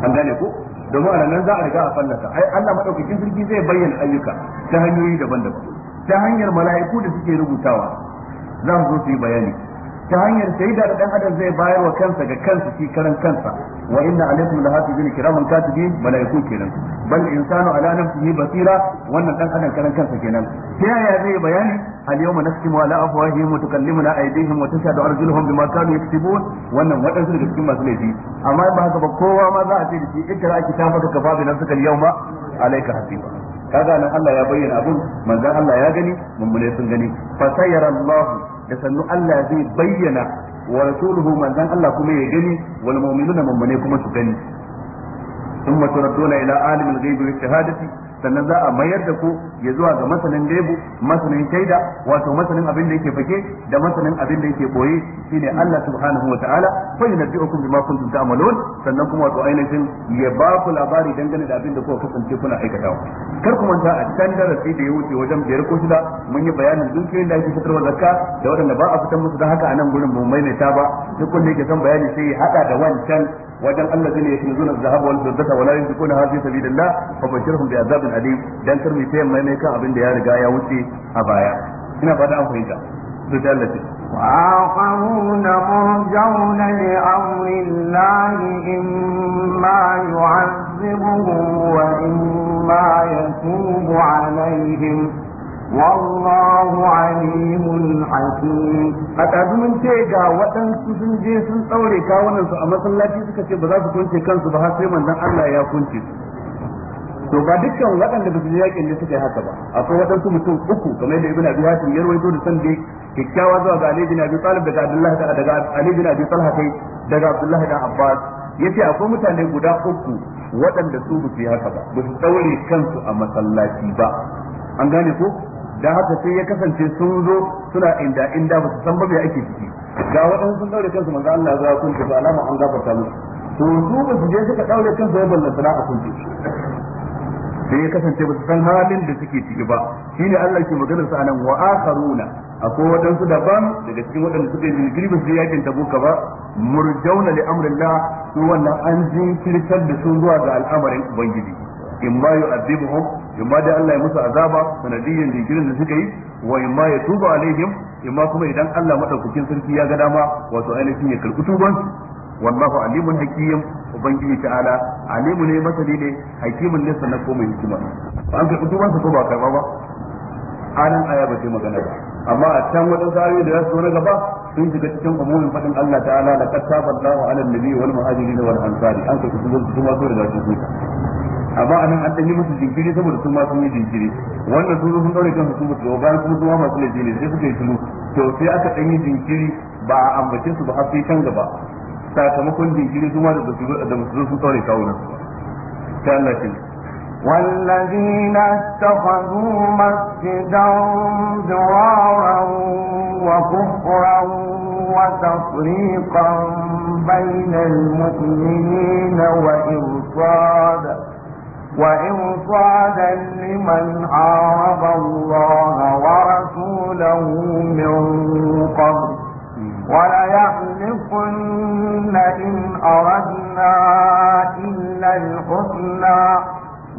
an gane ko domin a nan za a riga a fallasa ai Allah madaukakin sarki zai bayyana ayyuka ta hanyoyi daban-daban ta hanyar mala'iku da suke rubutawa za su zo su yi bayani ta hanyar shaida da dan adam zai bayar wa kansa ga kansa shi karan kansa wa inna alaikum lahafizin kiraman katibin malaiku kenan bal insanu ala nafsihi basira wannan dan adam karan kansa kenan ta yaya zai bayani al yawma naskimu ala afwahihim wa tukallimuna aydihim wa tashhadu arjuluhum bima kanu yaktubun wannan wadansu daga cikin masu laifi amma ba haka ba kowa ma za a ce da shi ikra kitabaka kafa bi nafsika al yawma alayka hasiba kaga nan Allah ya bayyana abun manzon Allah ya gani mummune sun gani fa sayyara da sannu Allah zai bayyana wa rasuluhu manzan Allah kuma ya gani wal mu'minuna mummune kuma su gani thumma turadduna ila alimil ghaibi wa sannan za a mayar da ku ya zuwa ga masanin gaibu masanin shaida wato masanin abin da yake fake da masanin abin da yake boye shine Allah subhanahu wa ta'ala fa yunabbi'ukum bima kuntum ta'malun sannan kuma wato ainihin ya ba ku labari dangane da abin da kuka kasance kuna aikatawa kar ku manta a can darasi da ya wuce wajen biyar ko shida mun yi bayanin dukiyoyin da ake fitarwa zakka da waɗanda ba a fitar musu da haka a nan gurin mu maimaita ba duk wanda yake son bayani sai ya haɗa da wancan wajen Allah zai ne ya tunzuna zahaba wal fiddata wala yunfiquna hadhihi sabilillah fa bashirhum bi azabin hali dan mai mai kan abin da ya riga ya wuce a baya ina fata an fahimta to dalla ce wa qawluna qawluna li amri llahi imma yu'azzibuhum wa imma yatubu alaihim والله عليم حكيم فتعلمون تيجا وطن سوشن جيسن تولي suka ce ba za su تيبزاك kansu ba, har sai دان Allah ya كنتي to ba dukkan waɗanda ba su je yakin ne suka yi haka ba akwai waɗansu mutum uku kamar da ibn abi hatim Yarwai rawaito da san dai kikkiawa zuwa ga ali bin abi talib daga abdullahi daga ali bin abi talha kai daga abdullahi da abbas yace akwai mutane guda uku waɗanda su ba su yi haka ba ba su tsaure kansu a masallaci ba an gane ko da haka sai ya kasance sun zo suna inda inda ba su san ba me ake ciki ga waɗansu sun daure kansu manzo Allah ya kun ba alama an gafarta musu to su ba su je suka daure kansu ya ballanta na a kun sai ya kasance ba su san halin da suke ciki ba shi ne Allah ke maganar sa anan wa akharuna akwai waɗansu daban daga cikin waɗanda suka yi jinkiri ba su yi yakin tabuka ba murjauna li amrillah su wannan an jinkirtar da su zuwa ga al'amarin ubangiji in ma yu'adhibuhum in ma dai Allah ya musu azaba sanadiyyan jinkirin da suka yi wa in ma tuba alaihim in ma kuma idan Allah madaukakin sarki ya ga dama wato ainihin ya karɓi tubansu wallahu alimun hakim ubangiji ta'ala alimu ne masani ne hakimin ne sannan ko mai hikima an ka duban ko ba karba ba anan aya ba ce magana ba amma a can wadansu ayoyi da za su na gaba sun shiga cikin umumin fadin Allah ta'ala la qad taballahu 'ala an-nabi wal muhajirin wal an amma anan an dan musu jinkiri saboda sun ma sun yi jinkiri wannan su sun daure kansu sun mutu bayan kuma su ma masu laifi ne sai suka yi tulu to sai aka dan yi jinkiri ba a ambace su ba har sai can gaba sakamakon jinkiri kuma da da su tsare kawunan ta Allah ce والذين اتخذوا مسجدا ضرارا وكفرا وتفريقا بين المؤمنين وإرصادا وإرصادا لمن حارب الله ورسوله من قبل وليحلفن إن أردنا إلا الحسنى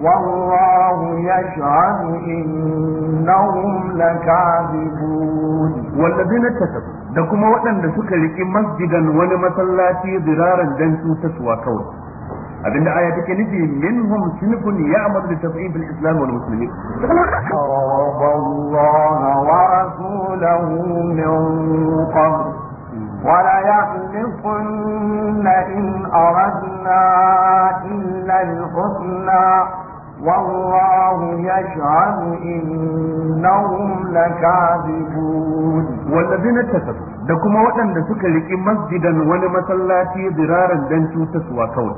والله يشهد إنهم لكاذبون والذين كسبوا da kuma waɗanda suka riƙi masjidan wani masallaci ziraran dan cutaswa kawai abinda aya take nufi minhum sinfun ya'malu bi tadhib al-islam wal muslimin (laughs) Allah wa min qabl وليحلفن إن أردنا إلا الحسنى والله يشهد إنهم لكاذبون والذين كسبوا da kuma waɗanda suka riƙi masjidan wani masallaci ziraran dan cutaswa kawai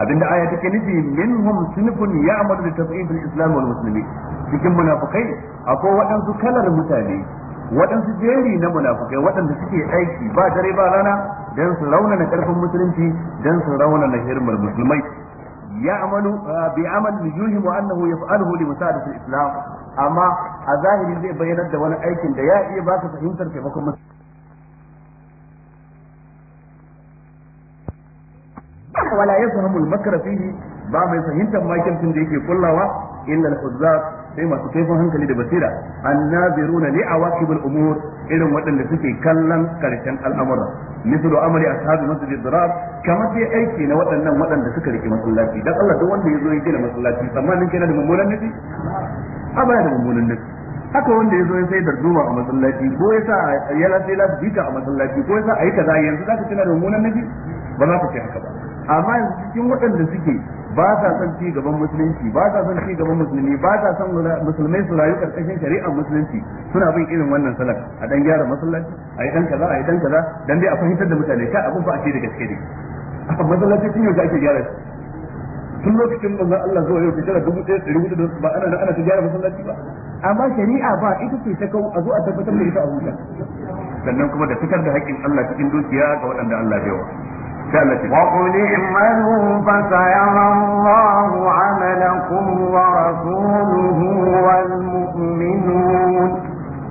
abinda aya take nufi minhum sinfun ya'malu bi tasfifil islam wal muslimin cikin munafikai akwai waɗansu kalar mutane waɗansu jeri na munafukai waɗanda suke aiki ba dare ba rana don su raunana ƙarfin musulunci don su raunana hirmar musulmai ya amalu uh, bi amal yuhi mu annahu yaf'aluhu da musa'adati islam amma a zahiri zai bayyanar da wani aikin da ya iya ba ka fahimtar taimakon musulunci wala yafhamu al-makra ba mai fahimtar makircin da yake kullawa illa al sai masu kaifin hankali da basira annabiruna li awaqibul umur irin waɗanda suke kallon karshen al'amura mislu amali ashabi masjid dirar kama sai aiki na waɗannan waɗanda suka rike masallaci dan Allah duk wanda yazo ya gina masallaci tsammanin kana da mummunan nufi a baya da mummunan nufi haka wanda yazo ya sai darduma a masallaci ko ya sa ya lafi lafi a masallaci ko ya sa a yi kaza yanzu za zaka tana da mummunan nufi ba za ka ce haka ba amma yanzu cikin waɗanda suke ba sa son ci gaban musulunci ba sa son ci gaban musulmi ba sa son musulmai su rayu karkashin shari'ar musulunci suna bin irin wannan salak a dan gyara masallaci a yi dan kaza a yi dan kaza dan dai a fahimtar da mutane ka abin ba a ce da gaske ne a masallaci tun yau da ake gyara tun lokacin da Allah zuwa yau shekara dubu ɗaya ɗari hudu ba ana da ana ta gyara masallaci ba amma shari'a ba ita ce ta kawo a zo a tabbatar da ita a wuta sannan kuma da fitar da haƙƙin Allah cikin dukiya ga waɗanda Allah bai wa وقل اعملوا فسيرى الله عملكم ورسوله والمؤمنون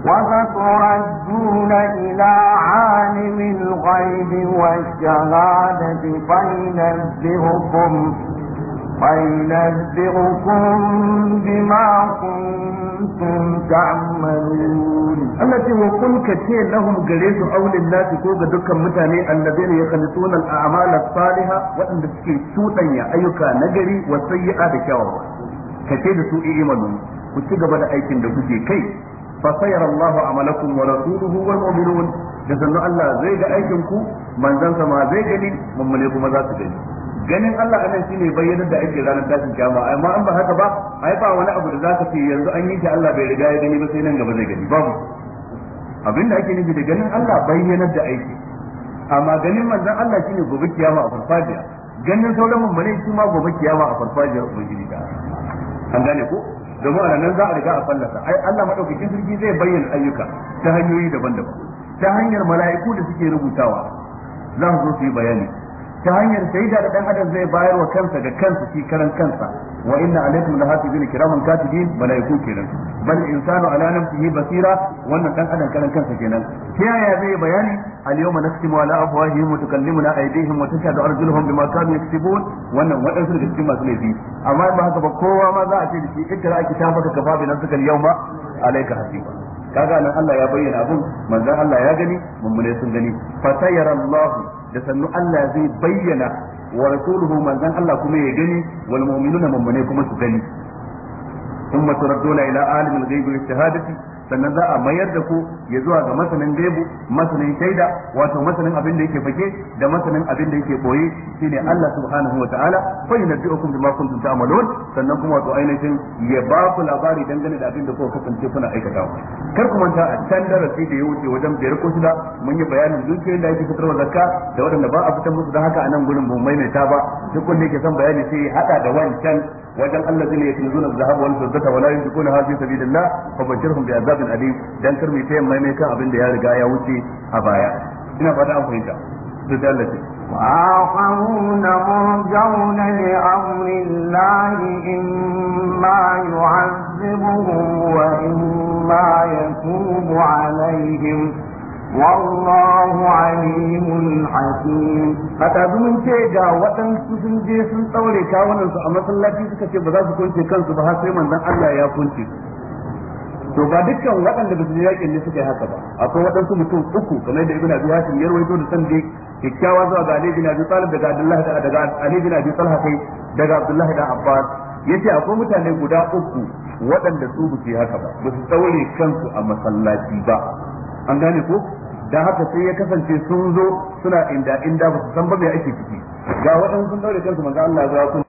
وستردون إلى عالم الغيب والشهادة فينبئكم وينبئكم بما كنتم تعملون التي وقل كثير لهم جريس أول الناس كوغا دكا متاني الذين يخلطون الأعمال الصالحة وأن تسكي سوطنيا أيكا نجري والسيئة بكاوة كثير سوء إيمان وتجب أيكم دكتي كي فسير الله عملكم ورسوله والمؤمنون da sannu Allah zai ga aikinku manzansa ma zai gani mummune kuma za su gani ganin Allah anan shine bayyanar da ake ranar tashin kiyama amma an ba haka ba ai ba wani abu da zaka ce yanzu an yi shi Allah bai riga ya gani ba sai nan gaba zai gani babu abinda ake nufi da ganin Allah bayyanar da aiki amma ganin manzon Allah shine gobe kiyama a farfajiya ganin sauran mummune shi ma gobe kiyama a farfajiyar ubangiji da an gane ko domin a nan za a riga a fallasa ai Allah madaukakin sarki zai bayyana ayyuka ta hanyoyi daban-daban ta hanyar mala'iku da suke rubutawa za su zo su yi bayani ta hanyar shaida da dan adam zai bayar wa kansa ga kansa shi karan kansa wa inna alaikum lahafizin kiraman katibin malaiku kenan bal insanu ala nafsihi basira wannan dan adam karan kansa kenan ta yaya zai bayani al yawma naktimu ala afwahihim wa tukallimuna aydihim wa tashhadu arjuluhum bima kanu yaktubun wannan wadansu da cikin masu laifi amma ba haka ba kowa ma za a ce da shi ikra kitabaka kafa bi nafsika al yawma alayka hasiba kaga nan Allah ya bayyana abun manzon Allah ya gani mummune sun gani fa sayyara Allahu da sannu Allah zai bayyana wa rasuluhu manzon Allah kuma ya gani wal mu'minuna mummune kuma su gani ثم تردون إلى عالم الغيب والشهادة sannan za a mayar da ku ya zuwa ga masanin gaibu masanin shaida wato masanin abin da yake fake da masanin abin da yake boye shine Allah subhanahu wataala fa yunabbi'ukum bima kuntum ta'malun sannan kuma wato ainihin ya ba ku labari dangane da abin da kuka kasance kuna aikatawa kar ku manta a can darasi da ya wuce wajen biyar ko shida mun yi bayanin dukiyoyin da ake fitarwa zakka da waɗanda ba a fitar musu da haka a nan gurin mun maimaita ba duk wanda yake son bayani sai ya hada da wancan wajen Allah zai ne ya tunzuna zahab wal fiddata wala yunfiquna ha fi sabilillah fa bashirhum bi azab azabin abin dan kar mu tayin mai kan abin da ya riga ya wuce a baya ina fata an fahimta da dalilin وآخرون مرجون لأمر الله إما يعذبهم وإما يتوب عليهم والله عليم حكيم ce ga waɗansu sun je sun tsaure kawunan su a masallaci suka ce ba za su kunce kansu ba har sai manzon Allah ya kunce to ba dukkan waɗanda ba su je yakin ne suka yi haka ba akwai waɗansu mutum uku kamar da ibn abi hatim yarwai rawaito da san da kikkiawa zuwa ga ali bin abi talib daga abdullahi da daga ali bin abi talha kai daga abdullahi da abbas yace akwai mutane guda uku waɗanda su ba su yi haka ba ba su tsaure kansu a masallaci ba an gane ko da haka sai ya kasance sun zo suna inda inda ba su san ba me ake ciki ga waɗansu sun daure kansu manzo Allah ya zo